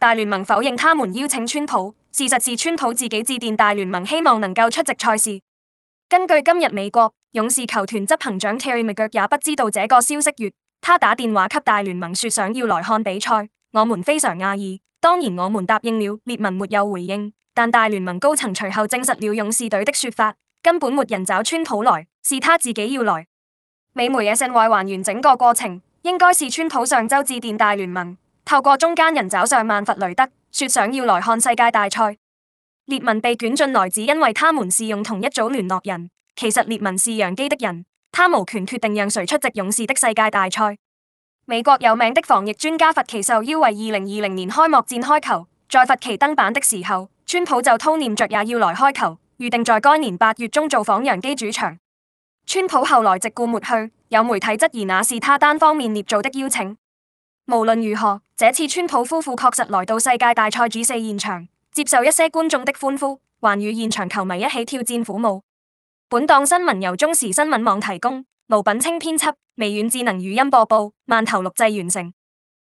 大聯盟否認他們邀請川普，事實是川普自己致電大聯盟，希望能夠出席賽事。根據今日美國，勇士球團執行長 Terry McGuirk 也不知道這個消息。月，他打電話給大聯盟說想要來看比賽，我們非常訝異，當然我們答應了。列文沒有回應，但大聯盟高層隨後證實了勇士隊的說法，根本沒人找川普來，是他自己要來。美媒也性外還原整個過程，應該是川普上周致電大聯盟。透過中間人找上曼佛雷德，說想要來看世界大賽。列文被捲進來只因為他們是用同一組聯絡人。其實列文是揚基的人，他無權決定讓誰出席勇士的世界大賽。美國有名的防疫專家佛奇受邀為2020年開幕戰開球，在佛奇登板的時候，川普就偷念着也要來開球，預定在該年八月中造訪揚基主場。川普後來直顧沒去，有媒體質疑那是他單方面捏造的邀請。無論如何，這次川普夫婦確實來到世界大賽主四現場，接受一些觀眾的歡呼，還與現場球迷一起跳戰舞。本檔新聞由中時新聞網提供，盧品清編輯，微軟智能語音播報，萬頭錄製完成。